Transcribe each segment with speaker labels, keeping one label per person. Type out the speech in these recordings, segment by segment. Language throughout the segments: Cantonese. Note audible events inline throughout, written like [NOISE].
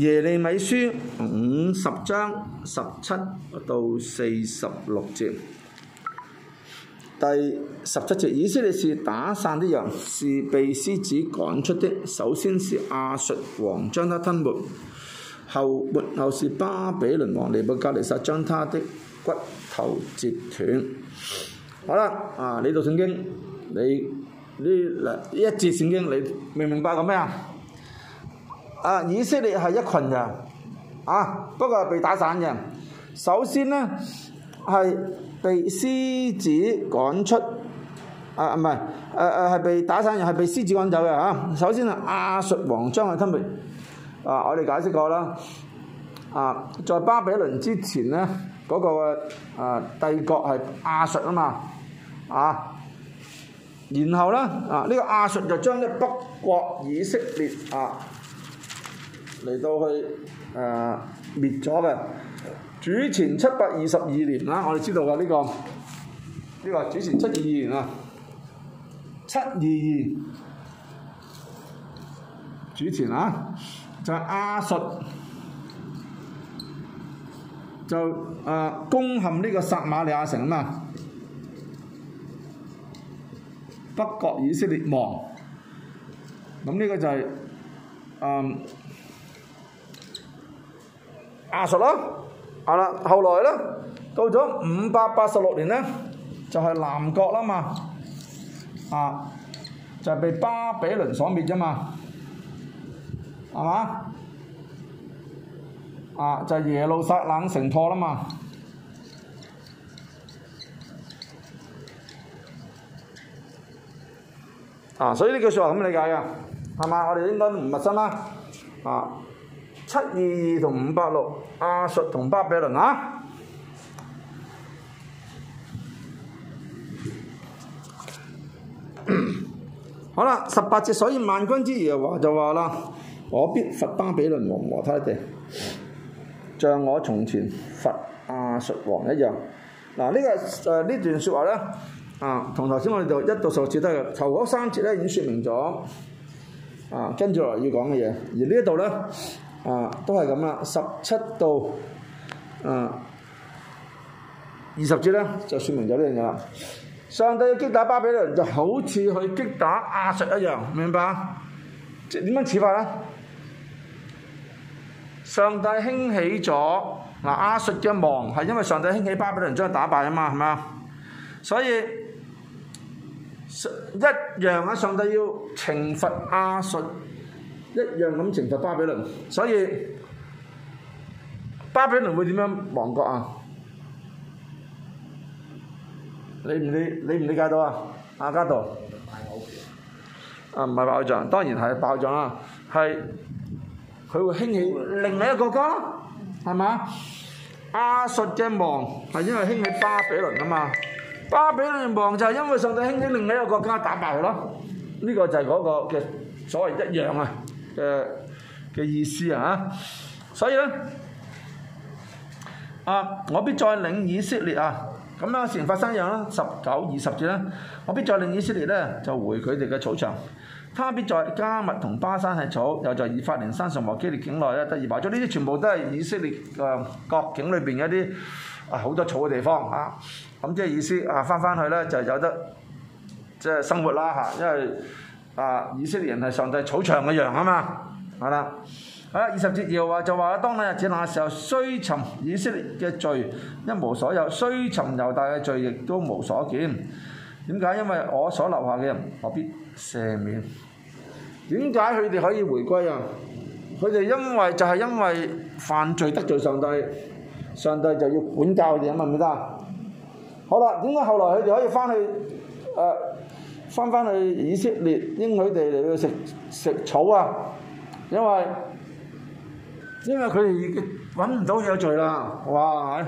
Speaker 1: 耶利米書五十章十七到四十六節，第十七節，以色列是打散的人，是被獅子趕出的。首先是亞述王將他吞沒，後末後是巴比倫王尼布甲尼撒將他的骨頭折斷。好啦，啊，呢度聖經，你呢一節聖經，你明唔明白講咩啊？啊！以色列係一羣人，啊，不過係被打散嘅。首先咧係被獅子趕出，啊唔係，誒誒係被打散，係被獅子趕走嘅嚇。首先係亞述王將佢吞滅，啊，我哋解釋過啦。啊，在巴比倫之前咧，嗰個啊帝國係亞述啊嘛，啊，然後咧啊呢個亞述就將啲北國以色列啊。嚟到去誒滅咗嘅主前七百二十二年啦，我哋知道嘅呢、這個呢、這個主前七二二啊，七二二主前啊，就係亞述就誒、呃、攻陷呢個撒瑪利亞城啊嘛，北國以色列亡，咁呢個就係、是、嗯。呃亞述咯，係啦，後來咧，到咗五百八十六年咧，就係南國啦嘛，啊，就係被巴比倫所滅啫嘛，係嘛？啊，就係耶路撒冷城破啦嘛，啊，所以呢句說話係咁理解嘅，係嘛？我哋應該唔陌生啦，啊。七二二同五百六，亞述同巴比倫啊！ [COUGHS] 好啦，十八節，所以萬軍之耶和華就話啦，我必罰巴比倫王和他地，像我從前罰亞述王一樣。嗱、啊，這個呃、段說話呢個誒呢段説話咧，啊，同頭先我哋就一到十字都係頭嗰三節咧已經説明咗，啊，跟住落嚟要講嘅嘢，而呢一度咧。啊，都係咁啦，十七到，啊二十節咧，就説明咗呢樣嘢啦。上帝要擊打巴比倫，就好似去擊打亞述一樣，明白？點樣似法咧？上帝興起咗嗱、啊、亞述嘅亡，係因為上帝興起巴比倫將佢打敗啊嘛，係咪？所以一一樣啊，上帝要懲罰亞述。一樣咁征服巴比倫，所以巴比倫會點樣亡國啊？你唔理你唔理解到啊？阿嘉道啊，唔係爆仗，當然係爆仗啦，係佢會興起另一個國家，係嘛？亞述嘅亡係因為興起巴比倫啊嘛，巴比倫亡就係因為上帝興起另一個國家打敗佢咯，呢個就係嗰個嘅所謂一樣啊。嘅嘅意思啊，所以咧，啊，我必再領以色列啊，咁咧事發生有啦，十九二十節啦，我必再領以色列咧就回佢哋嘅草場，他必在迦密同巴珊嘅草，又在以法蓮山從摩基列境內咧得二百。咗呢啲全部都係以色列嘅國、呃、境裏邊一啲啊好多草嘅地方啊，咁即係意思啊返返去咧就有得即係、就是、生活啦、啊、吓，因為。啊！以色列人係上帝草場嘅羊啊嘛，係啦。啊，二十節又話就話啊，當那日子那時候，雖尋以色列嘅罪，一無所有；雖尋猶大嘅罪，亦都無所見。點解？因為我所留下嘅人，何必赦免？點解佢哋可以回歸啊？佢哋因為就係、是、因為犯罪得罪上帝，上帝就要管教佢哋啊嘛，明唔明啊？好啦，點解後來佢哋可以翻去？誒、呃。翻翻去以色列，應許地嚟去食食草啊！因為因為佢哋揾唔到有罪啦，哇係！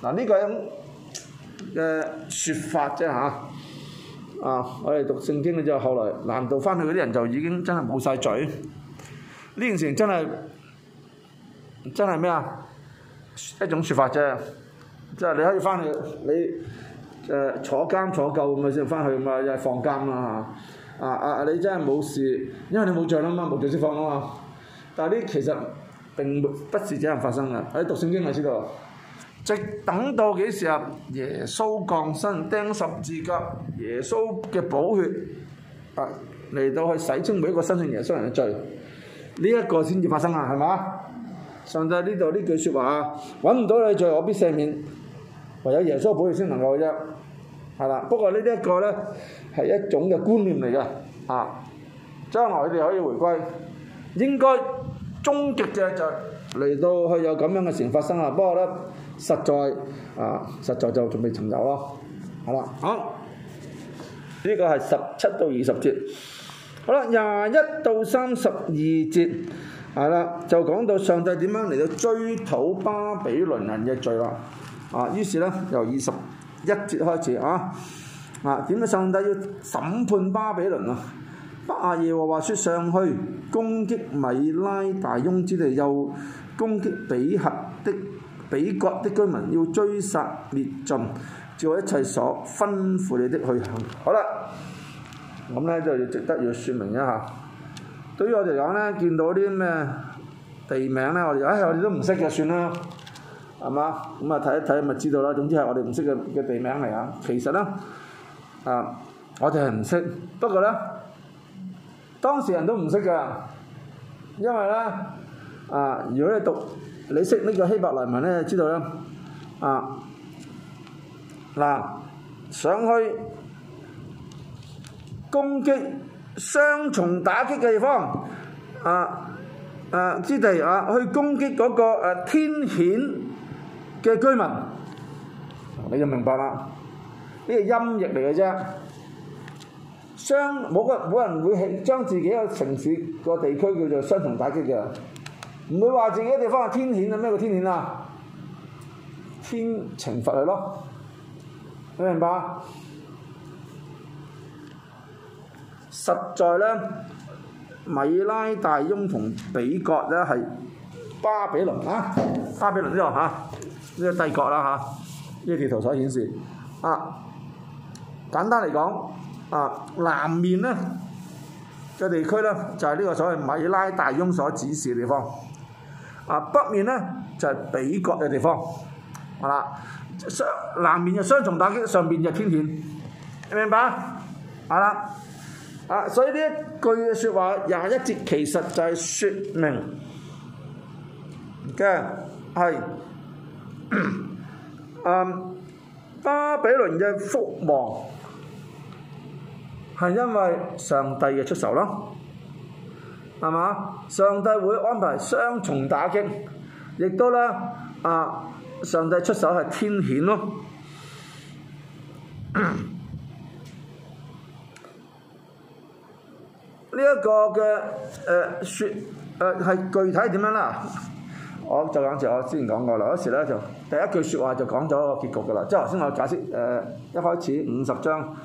Speaker 1: 嗱、這、呢個嘅説法啫嚇啊！我哋讀聖經之後，後來難道翻去嗰啲人就已經真係冇晒罪？呢件事真係真係咩啊？一種説法啫、啊，即係你可以翻去你。誒坐監坐夠咁咪先翻去嘛，咁啊又放監啦、啊、嚇！啊啊你真係冇事，因為你冇罪啦嘛，冇罪釋放啊嘛。但係呢其實並不是這樣發生嘅。喺《讀聖經》我知道，嗯、直等到幾時穌穌啊？耶穌降生釘十字架，耶穌嘅寶血啊嚟到去洗清每一個身上耶穌人嘅罪，呢、這、一個先至發生啊，係嘛？上帝呢度呢句説話啊，揾唔到你罪，我必赦免。唯有耶穌保佑先能夠啫，係啦、啊就是啊。不過呢一個咧係一種嘅觀念嚟嘅，啊，將來佢哋可以回歸。應該終極嘅就嚟到去。有咁樣嘅事發生啊！不過咧，實在啊，實在就仲未尋找咯。係、啊、啦，好，呢、這個係十七到二十節。好啦，廿一到三十二節係啦，就講到上帝點樣嚟到追討巴比倫人嘅罪啦。於啊，於是咧由二十一節開始啊，啊點解上帝要審判巴比倫啊？亞亞耶和華説：上去攻擊米拉大雍之地，又攻擊比割的比國的居民，要追殺滅盡，照一切所吩咐你的去行。好啦，咁咧就要值得要説明一下。對於我哋講咧，見到啲咩地名咧，我哋唉、哎，我哋都唔識嘅算啦。係嘛？咁啊睇一睇咪知道啦。總之係我哋唔識嘅地名嚟啊。其實咧啊，我哋係唔識。不過咧，當時人都唔識嘅，因為咧啊，如果你讀你識呢個希伯來文咧，就知道啦啊。嗱、啊，上去攻擊雙重打擊嘅地方啊啊之地啊，去攻擊嗰、嗰個誒、啊、天險。嘅居民你就明白啦，呢個音譯嚟嘅啫，冇個冇人會慶將自己嘅城市個地區叫做雙重打擊嘅，唔會話自己嘅地方係天譴啊，咩叫天譴啊，天懲罰嚟咯，你明白？實在咧，米拉大翁同比割咧係巴比倫嚇、啊，巴比倫呢度嚇。呢個帝國啦嚇，呢、這、條、個、圖所顯示，啊，簡單嚟講，啊南面呢嘅地區呢，就係、是、呢個所謂米拉大翁所指示嘅地方，啊北面呢，就係、是、比割嘅地方，啊啦，雙南面就雙重打擊，上面天天，就天險，明白？啊啦，啊所以呢一句嘅説話廿一節其實就係説明嘅係。是嗯、 [COUGHS] 啊，巴比倫嘅覆亡係因為上帝嘅出手啦，係嘛？上帝會安排雙重打擊，亦都咧啊，上帝出手係天譴咯。呢一個嘅誒、呃、說係、呃、具體點樣啦？我就講住我之前講過啦。嗰時咧就第一句説話就講咗個結局㗎啦。即係頭先我解釋誒、呃，一開始五十章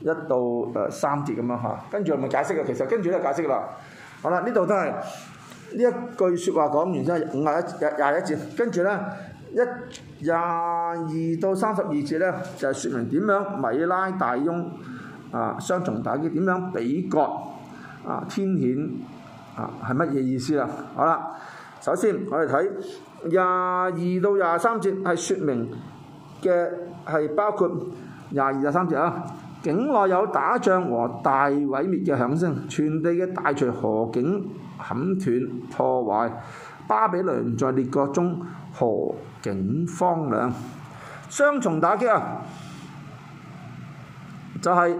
Speaker 1: 一到誒三節咁樣嚇，跟住我咪解釋嘅。其實跟住都係解釋㗎啦。好啦，呢度都係呢一句説話講完之後，五廿一廿廿一節，跟住咧一廿二到三十二節咧，就係、是、説明點樣米拉大翁啊雙重打擊點樣比割啊天險啊係乜嘢意思啦？好啦。首先，我哋睇廿二到廿三節係説明嘅係包括廿二廿三節啊。境內有打仗和大毀滅嘅響聲，全地嘅大錘何竟砍斷破壞，巴比倫在列國中何竟荒涼，雙重打擊啊！就係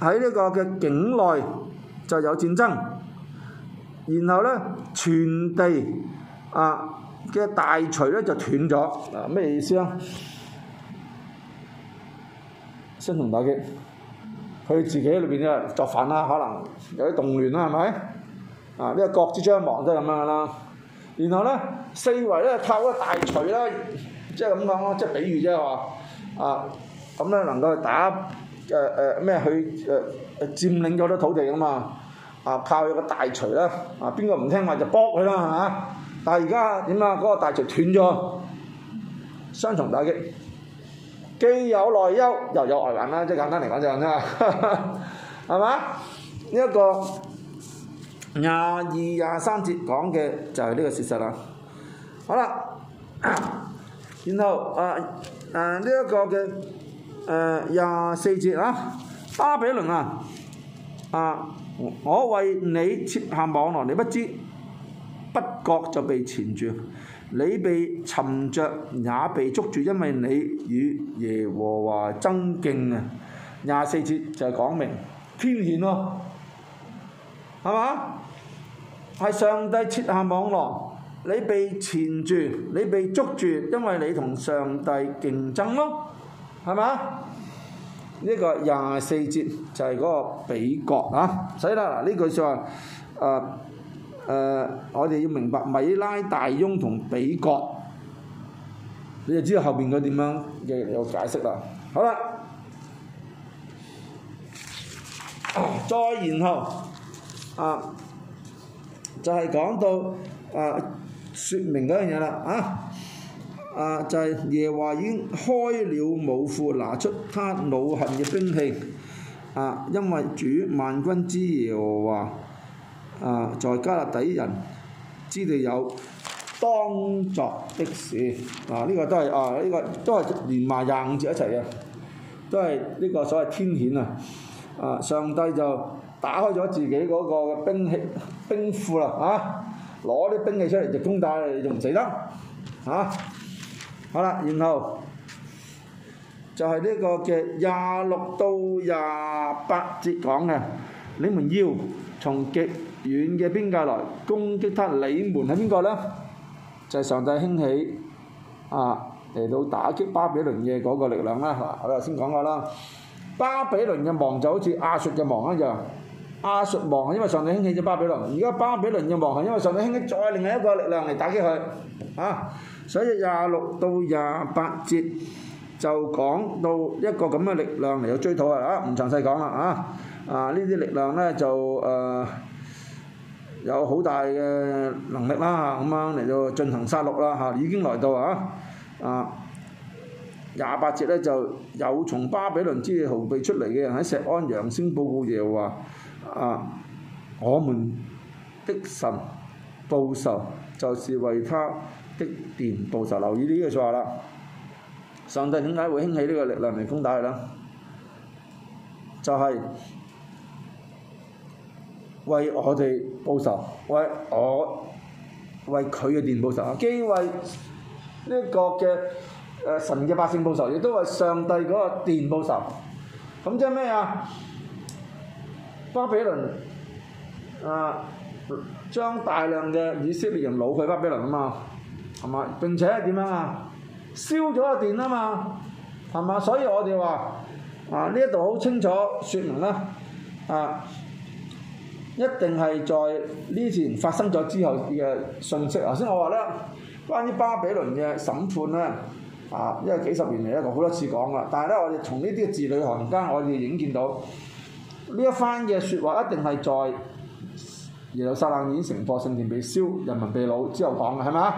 Speaker 1: 喺呢個嘅境內就有戰爭。然後呢，全地啊嘅大錘呢就斷咗。咩、啊、意思呢、啊？雙重打擊，佢自己裏邊嘅作反啦、啊，可能有啲動亂啦、啊，係咪？啊，呢、這、為、個、國之將亡都係咁樣噶啦、啊。然後呢，四圍呢，靠嗰大錘呢，即係咁講咯，即係比喻啫話、啊。啊，咁呢能夠去打誒誒咩？去誒誒、呃、佔領咗啲土地啊嘛。啊靠！有個大錘啦，啊邊個唔聽話就卜佢啦嚇！但係而家點啊？嗰，那個大錘斷咗，雙重打擊，既有內憂又有外患啦，即係簡單嚟講，這個，就咁啫嘛，係嘛？呢一個廿二、廿三節講嘅就係呢個事實啦。好啦，然後啊啊呢一，這個嘅誒廿四節啊，巴比倫啊啊！啊我為你設下網羅，你不知不覺就被纏住，你被尋着，也被捉住，因為你與耶和華爭競啊！廿四節就係講明天現咯，係嘛？係上帝設下網羅，你被纏住，你被捉住，因為你同上帝競爭咯，係嘛？呢個廿四節就係嗰個比割啊，所以呢句話，誒、呃、誒、呃，我哋要明白米拉大翁同比割，你就知道後面佢點樣嘅解釋啦。好啦、啊，再然後，啊，就係、是、講到啊，説明嗰樣嘢啦，啊。啊！就係、是、耶和華已經開了武庫，拿出他惱恨嘅兵器。啊！因為主萬軍之耶和華啊，在加勒底人之地有當作的事，啊！呢、這個都係啊，呢、這個都係連埋廿五節一齊嘅，都係呢個所謂天譴啊！啊，上帝就打開咗自己嗰個兵器兵庫啦嚇，攞、啊、啲兵器出嚟就攻打你，你仲唔死得、啊、嚇？啊好啦，然後就係呢個嘅廿六到廿八節講嘅，你們要從極遠嘅邊界來攻擊他，你們係邊個呢？就係上帝興起啊，嚟到打擊巴比倫嘅嗰個力量啦。嗱，我頭先講過啦，巴比倫嘅亡就好似亞述嘅亡一樣，亞述亡係因為上帝興起咗巴比倫，而家巴比倫嘅亡係因為上帝興起再另外一個力量嚟打擊佢，嚇。所以廿六到廿八節就講到一個咁嘅力量嚟到追討啊！啊，唔詳細講啦啊！啊，呢啲力量咧就誒有好大嘅能力啦嚇，咁樣嚟到進行殺戮啦嚇、啊，已經來到啊！啊，廿八節咧就有從巴比倫之地逃避出嚟嘅人喺錫安揚先報告耶和華啊！我們的神報仇就是為他。的電報仇，留意呢個説話啦。上帝點解會興起呢個力量嚟攻打佢咧？就係、是、為我哋報仇，為我為佢嘅電報仇。既為呢個嘅誒神嘅百姓報仇，亦都為上帝嗰個電報仇。咁即係咩啊？巴比倫啊，將大量嘅以色列人擄去巴比倫啊嘛～係嘛？並且點樣啊？燒咗個電啊嘛，係嘛？所以我哋話啊，呢度好清楚説明啦，啊，一定係在呢次發生咗之後嘅信息。頭先我話咧，關於巴比倫嘅審判咧，啊，因為幾十年嚟咧，我好多次講啦。但係咧，我哋從呢啲字裏行間，我哋已經見到呢一番嘅説話一定係在耶路撒冷已經成個聖殿被燒、人民被擄之後講嘅，係嘛？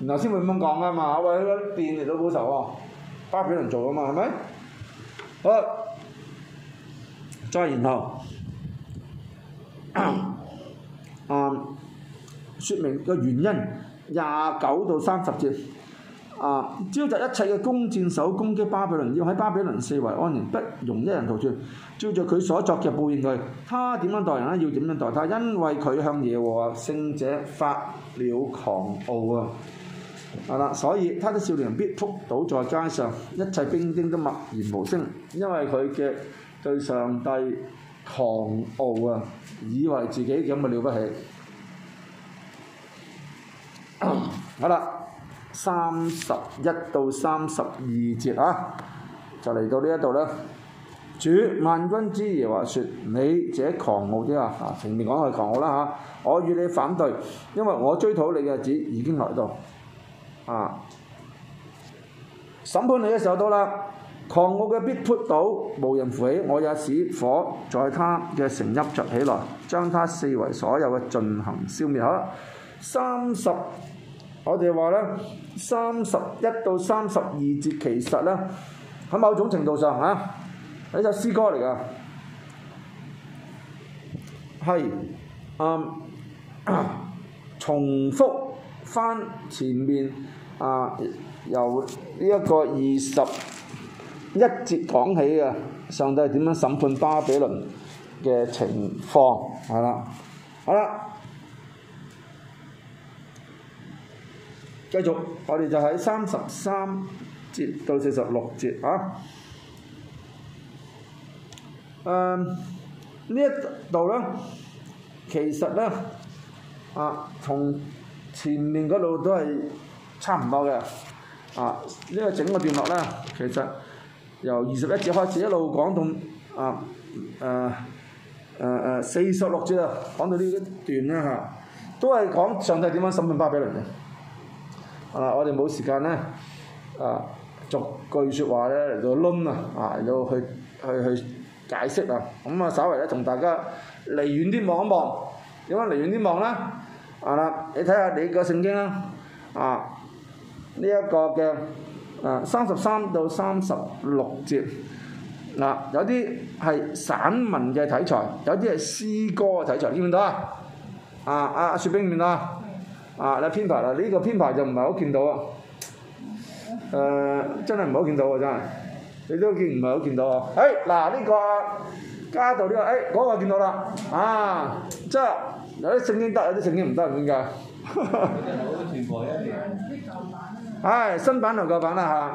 Speaker 1: 然後先會咁樣講啊嘛，為咗啲殿嚟到報仇喎，巴比倫做噶嘛，係咪？好，再然後，誒，説、嗯、明個原因，廿九到三十節，啊，召集一切嘅弓箭手攻擊巴比倫，要喺巴比倫四圍安營，不容一人逃脫。照著佢所作嘅報應佢，他點樣待人呢？要點樣待他？因為佢向耶和華聖者發了狂傲啊！係啦，所以他的少年必仆倒在街上，一切兵丁都默然無聲，因為佢嘅對上帝狂傲啊，以為自己咁咪了不起。 [COUGHS] 好啦，三十一到三十二節啊，就嚟到呢一度啦。主萬軍之耶和華說：你這狂傲啲啊，啊，前面講係狂傲啦、啊、嚇、啊，我與你反對，因為我追討你嘅日子已經來到。啊！審判你嘅時候到啦，狂傲嘅必仆倒，無人扶起，我也使火在它嘅城邑着起來，將它四圍所有嘅進行消滅好啦。三十，我哋話咧，三十一到三十二節其實咧，喺某種程度上嚇，係、啊、一首詩歌嚟噶，係、嗯、啊，重複返前面。啊！由呢一個二十一節講起嘅， [MUSIC] 上帝點樣審判巴比倫嘅情況係啦，好啦，繼續我哋就喺三十三節到四十六節啊。誒、啊、呢一度呢，其實呢，啊，從前面嗰度都係。差唔多嘅，啊，呢個整個段落咧，其實由二十一節開始一路講到啊，誒誒誒四十六節啊，講到呢一段啦嚇，都係講上帝點樣審判巴比倫嘅。啊，我哋冇時間咧，啊逐句説話咧嚟到攆啊，啊嚟到去去去解釋啊，咁啊稍微咧同大家離遠啲望一望，點解離遠啲望咧？啊，你睇下你個聖經啦，啊。呢一個嘅，啊三十三到三十六節，嗱、啊、有啲係散文嘅體裁，有啲係詩歌嘅體裁，見唔到啊？啊啊雪冰面啊？啊，你編排啦，呢、這個編排就唔係好見到啊。誒、啊，真係唔好見到啊！真係，你都見唔係好見到、啊。誒嗱呢個加到呢個，誒嗰個見到啦。啊，即、這、係、個啊這個哎那個啊啊、有啲聖經得，有啲聖經唔得，點解？ [LAUGHS] 唉、哎，新版同舊版啦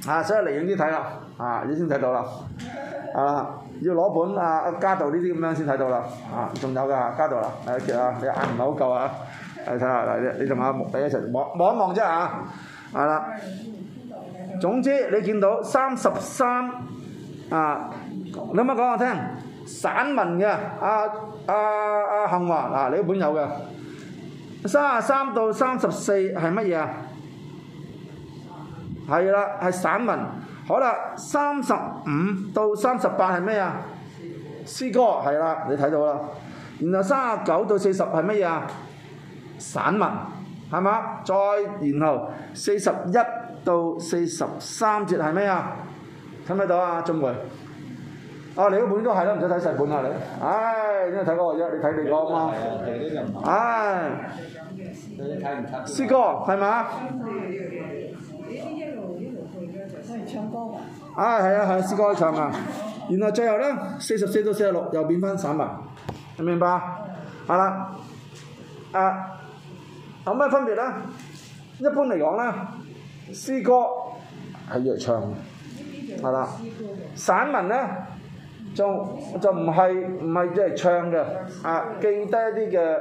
Speaker 1: 吓，嚇、啊、所以嚟遠啲睇啦，嚇已經睇到啦，啊，啊要攞本啊加道呢啲咁樣先睇到啦，嚇、啊、仲有噶嚇加道啦，睇、啊、下你眼唔係好夠啊，啊，你睇下，你同阿木仔一齊望望一望啫嚇，係、啊、啦、啊，總之你見到三十三啊，你可唔可以講我聽，散文嘅，啊，啊，啊，幸華啊，你本有嘅。三十三到三十四係乜嘢啊？係啦，係散文。好啦，三十五到三十八係咩啊？詩歌係啦，你睇到啦。然後三十九到四十係乜嘢？散文係嘛？再然後四十一到四十三節係咩啊？睇唔睇到啊？中梅？啊！你嗰本都係啦，唔使睇細本啦你。唉、哎，點樣睇歌啫？你睇地方嘛。唉、嗯。有詩歌係嘛？呢係唱啊，係、哎、啊，係、哎、啊、哎，詩歌可以唱嘛。然後最後呢，四十四到四十六又變返散文，明唔明白？係啊。係啦。啊，有咩分別呢？一般嚟講呢，詩歌係弱唱的，係啦、 [LAUGHS] 哎。散文呢？就就唔係唔係即係唱嘅，啊、嗯、記得一啲嘅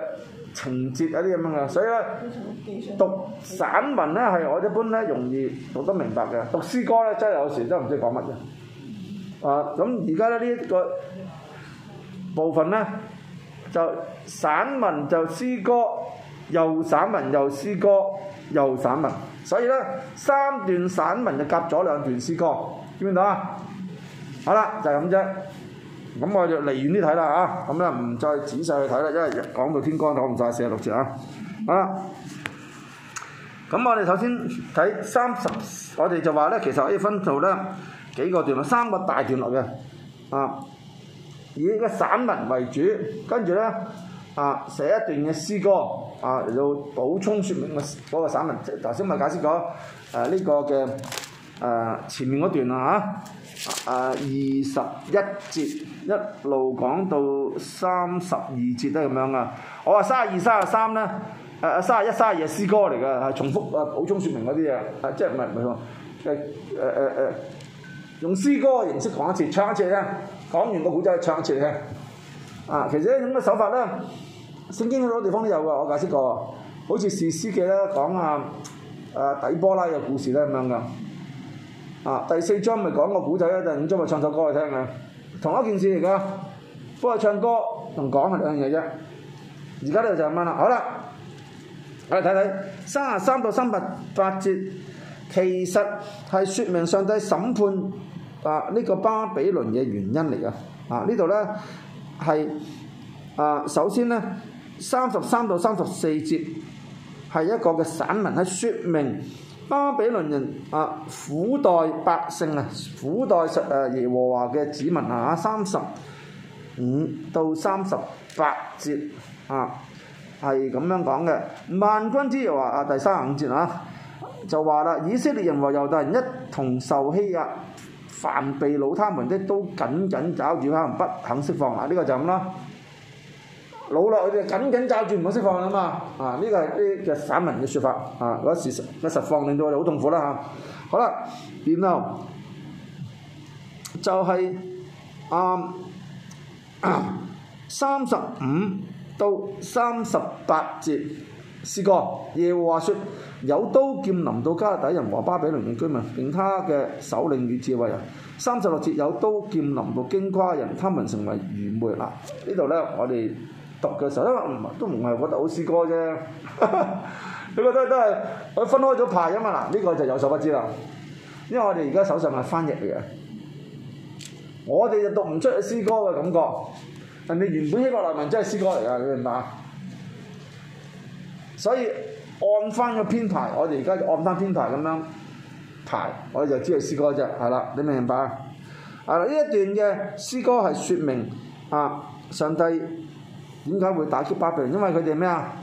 Speaker 1: 情節一啲咁樣嘅，嗯、所以呢，讀散文呢係我一般呢容易讀得明白嘅，讀詩歌呢，真係有時真係唔知講乜嘅，啊咁而家呢呢一個部分呢，就散文就詩歌，又散文又詩歌又散文，所以呢，三段散文就夾咗兩段詩歌，見唔見到啊？好啦，就係咁啫。咁我就離遠啲睇啦嚇，咁咧唔再仔細去睇啦，因為講到天光講唔晒。四十六節啊。好、啊、啦，咁我哋首先睇三十，我哋就話咧，其實可以分做咧幾個段落，三個大段落嘅啊，以個散文為主，跟住咧啊寫一段嘅詩歌啊，嚟到補充説明個散文。頭先咪解釋過誒呢、啊這個嘅。前面嗰段啦，二十一節一路講到三十二節都咁樣噶。我話三十二、三十三咧，三十一、三十二係詩歌嚟㗎，重複誒、啊、補充説明嗰啲嘢，即係唔係唔係用詩歌形式講一次，唱一次嘅。講完個古仔，唱一次嘅。啊，其實呢種嘅手法呢，聖經好多地方都有㗎，我解釋過，好似《士師記》啦，講、啊、下底波拉嘅故事咧咁樣㗎。啊！第四章咪講個古仔，第五章咪唱首歌嚟聽嘅，同一件事嚟噶。不過唱歌同講係兩樣嘢啫。而家呢度就咁啦。好啦，我哋睇睇三十三到三十八節，其實係説明上帝審判啊呢個巴比倫嘅原因嚟噶。啊呢度咧，係啊，首先咧，三十三到三十四節係一個嘅散文喺説明。巴比倫人啊，古代百姓啊，古代實耶和華嘅子民啊，三十五到三十八節啊，係咁樣講嘅。萬軍之耶和華啊，第三十五節啊，就話啦，以色列人和猶大人一同受欺壓，凡被老他們的都緊緊抓住他們，不肯釋放啊！呢、這個就咁咯。老落佢哋緊緊抓住唔好釋放啊嘛！啊呢個係啲嘅散文嘅説法啊，嗰時一實放令到我哋好痛苦啦。好啦，點啊？就係三十五到三十八節詩歌，耶和華說：有刀劍臨到迦勒底人和巴比倫嘅居民，連他嘅首領與智慧人。三十六節有刀劍臨到矜誇人，他們成為愚昧啦。呢、啊、度呢，我哋。讀嘅時候，因為都唔係覺得好詩歌啫，你覺得都係我分開咗排啊嘛嗱，呢、這個就有所不知啦。因為我哋而家手上係翻譯嚟嘅，我哋就讀唔出詩歌嘅感覺。人哋原本希伯來文真係詩歌嚟噶，你明唔明啊？所以按翻個編排，我哋而家就按翻編排咁樣排，我哋就知係詩歌啫，係啦，你明唔明白啊？啊，呢一段嘅詩歌係説明啊，上帝。點解會打擊巴比倫？因為佢哋咩啊？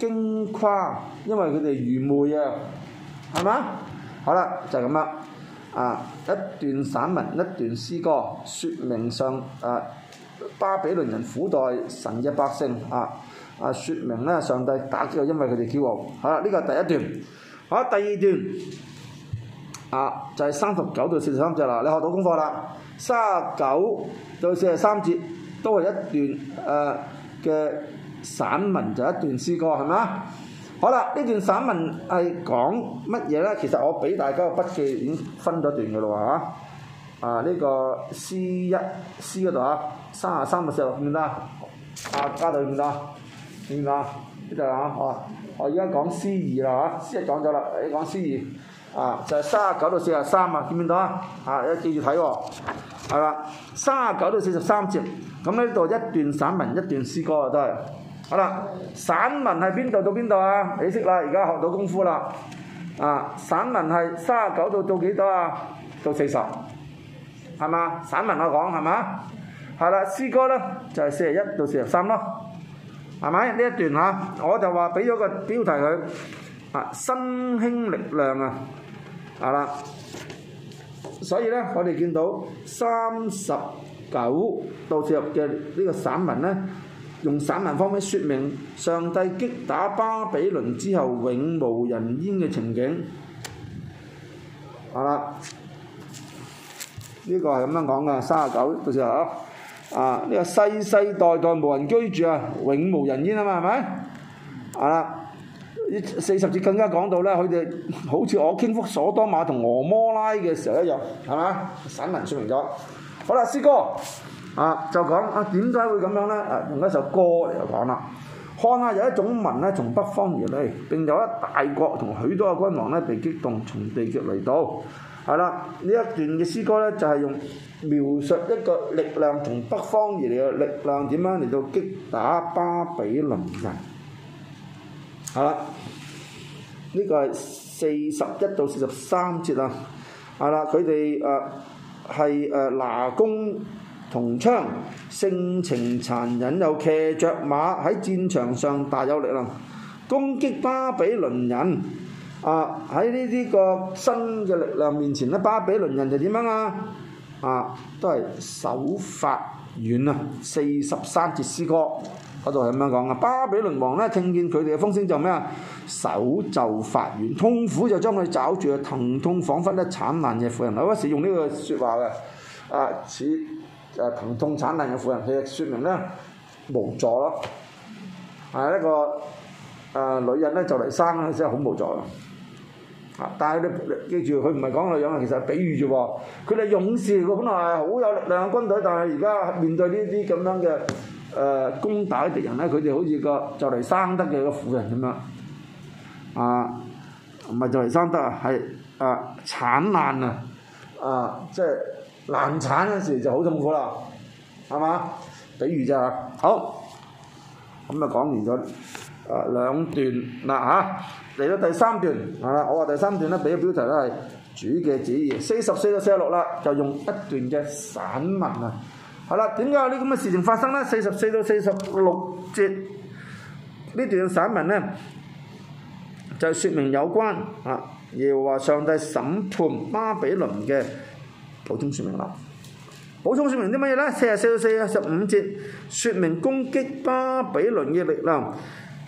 Speaker 1: 驚誇，因為佢哋愚昧啊，係嘛？好啦，就係咁啦。啊，一段散文，一段詩歌，説明上啊巴比倫人苦待神嘅百姓啊啊，説、啊、明咧上帝打擊咗，因為佢哋驕傲。好啦，呢、這個係第一段。好，第二段啊，就係三十九到四十三節啦。你學到功課啦，三十九到四十三節。都係一段誒嘅、呃、散文，就、一段詩歌，係咪？好啦，呢段散文係講乜嘢咧？其實我俾大家個筆記已經分咗段嘅啦，喎啊，呢、這個 C 一 C 嗰度啊，三十三到四十六見到啊，加到見到？見到？呢度嚇，好啊！我而家講 C 二啦，嚇，C 一講咗啦，你講 C 二啊，就係三十九到四十三啊，見唔見到啊？嚇，要記住睇喎，係啦，三十九到四十三節。咁呢度一段散文，一段詩歌啊，都係好啦。散文係邊度到邊度啊？你識啦，而家學到功夫啦。啊，散文係三十九度到幾多啊？到四十，係嘛？散文我講係嘛？係啦，詩歌咧就係四十一到四十三咯，係咪？呢一段嚇，我就話俾咗個標題佢啊，新興力量啊，係啦。所以咧，我哋見到三十九到四日嘅呢個散文呢，用散文方面説明上帝擊打巴比倫之後永無人煙嘅情景，係啦，呢、這個係咁樣講噶。三十九到時候，啊，呢、這個世世代代無人居住啊，永無人煙啊嘛，係咪？係呢四十節更加講到呢，佢哋好似我傾覆所多瑪同俄摩拉嘅時候一樣，係嘛？散文説明咗。好啦，詩歌啊，就講啊，點解會咁樣呢？啊，用一首歌嚟講啦。看下、啊、有一種民呢，從北方而嚟，並有一大國同許多嘅君王呢，被激動，從地極嚟到。係啦，呢一段嘅詩歌呢，就係、是、用描述一個力量，從北方而嚟嘅力量點樣嚟到擊打巴比倫人。係啦，呢、這個係四十一到四十三節啊。係啦，佢哋啊。係誒、呃、拿弓同槍，性情殘忍又騎着馬喺戰場上大有力量，攻擊巴比倫人。啊！喺呢啲個新嘅力量面前咧，巴比倫人就點樣啊？啊，都係手發軟啊！四十三節詩歌。嗰度係咁樣講嘅，巴比倫王咧聽見佢哋嘅風聲就咩啊？手就發軟，痛苦就將佢抓住嘅疼痛，疼痛彷彿咧產難嘅婦人。有嗰時用呢個説話嘅，啊似啊疼痛產難嘅婦人，其實説明咧無助咯。係一個啊、呃、女人咧就嚟生，真係好無助啊！但係你記住，佢唔係講女人，其實係比喻啫喎。佢哋勇士佢本來係好有力量嘅軍隊，但係而家面對呢啲咁樣嘅。誒、呃、攻打啲敵人咧，佢哋好似個就嚟生得嘅個婦人咁樣，啊，唔係就嚟生得啊，係啊，產難啊，啊，即係難產嗰時就好痛苦啦，係嘛？比如就係好，咁啊講完咗啊兩段嗱嚇，嚟、啊、到、啊、第三段係啦、啊，我話第三段咧俾嘅標題咧係主嘅旨意，四十四到四十六啦，就用一段嘅散文啊。好啦，點解有啲咁嘅事情發生咧？四十四到四十六節呢段散文咧，就説明有關啊，耶和華上帝審判巴比倫嘅普通説明啦。普通説明啲乜嘢咧？四十四到四十五節説明攻擊巴比倫嘅力量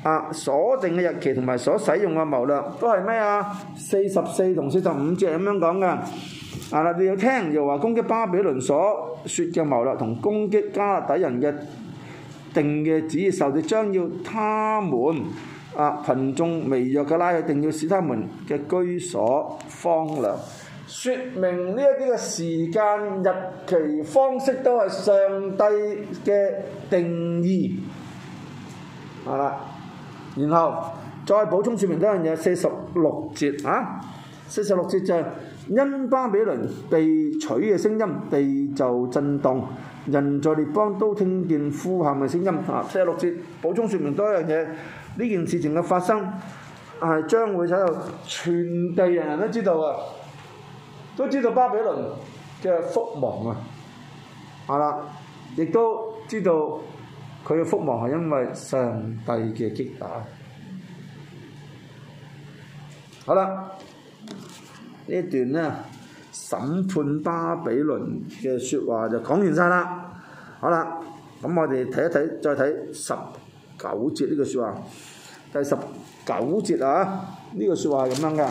Speaker 1: 啊，鎖定嘅日期同埋所使用嘅謀略都係咩啊？四十四同四十五節咁樣講嘅。啊！你又聽又話攻擊巴比倫所説嘅謀略，同攻擊加勒底人嘅定嘅旨意，甚至將要他們啊，羣眾微弱嘅拉，一定要使他們嘅居所荒涼。説明呢一啲嘅時間日期方式都係上帝嘅定義啊！然後再補充説明一樣嘢，四十六節啊，四十六節就係。因巴比倫被取嘅聲音，地就震動，人在列邦都聽見呼喊嘅聲音。啊，四十六節補充說明多一樣嘢，呢件事情嘅發生係將、啊、會使到全地，人人都知道啊，都知道巴比倫嘅覆亡啊，係、啊、啦，亦都知道佢嘅覆亡係因為上帝嘅擊打。好、啊、啦。啊呢一段呢，審判巴比倫嘅説話就講完晒啦。好啦，咁我哋睇一睇，再睇十九節呢個説話。第十九節啊，呢個説話係咁樣嘅，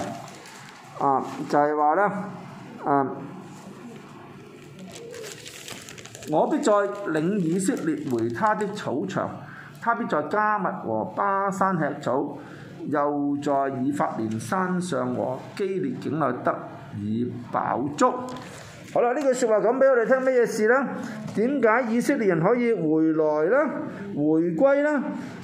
Speaker 1: 啊，就係話咧，啊，我必再領以色列回他的草場。他必在迦密和巴珊吃草，又在以法蓮山上和基列境內得以飽足。好啦，呢句說話講俾我哋聽咩嘢事呢？點解以色列人可以回來咧、回歸咧？呢、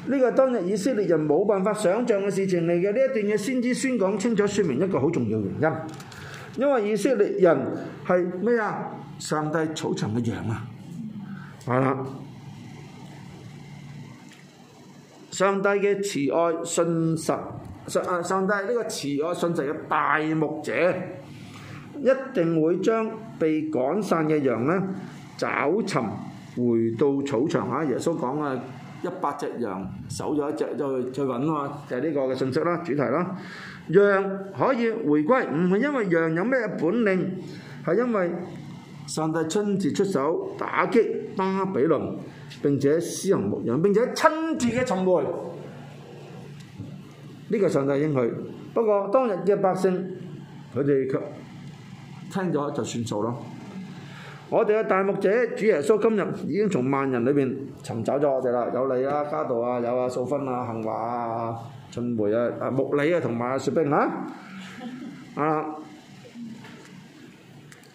Speaker 1: 這個當日以色列人冇辦法想象嘅事情嚟嘅。呢一段嘢先至宣講清楚，說明一個好重要原因。因為以色列人係咩啊？上帝草場嘅羊啊，係啦。上帝嘅慈愛、信實，上啊上帝呢個慈愛、信實嘅大牧者，一定會將被趕散嘅羊呢找尋回到草場。啊，耶穌講啊，一百隻羊走咗一隻，就去再再揾嘛，就係呢個嘅信息啦，主題啦。羊可以回歸，唔係因為羊有咩本領，係因為。上帝親自出手打擊巴比倫，並且施行牧羊，並且親自嘅尋回，呢、這個上帝應許。不過當日嘅百姓，佢哋卻聽咗就算數咯。我哋嘅大牧者主耶穌今日已經從萬人裏面尋找咗我哋啦，有你啦、啊，加道啊，有啊，素芬啊，幸華啊，尋回啊，啊穆禮啊，同埋雪冰啊，啊！ [LAUGHS]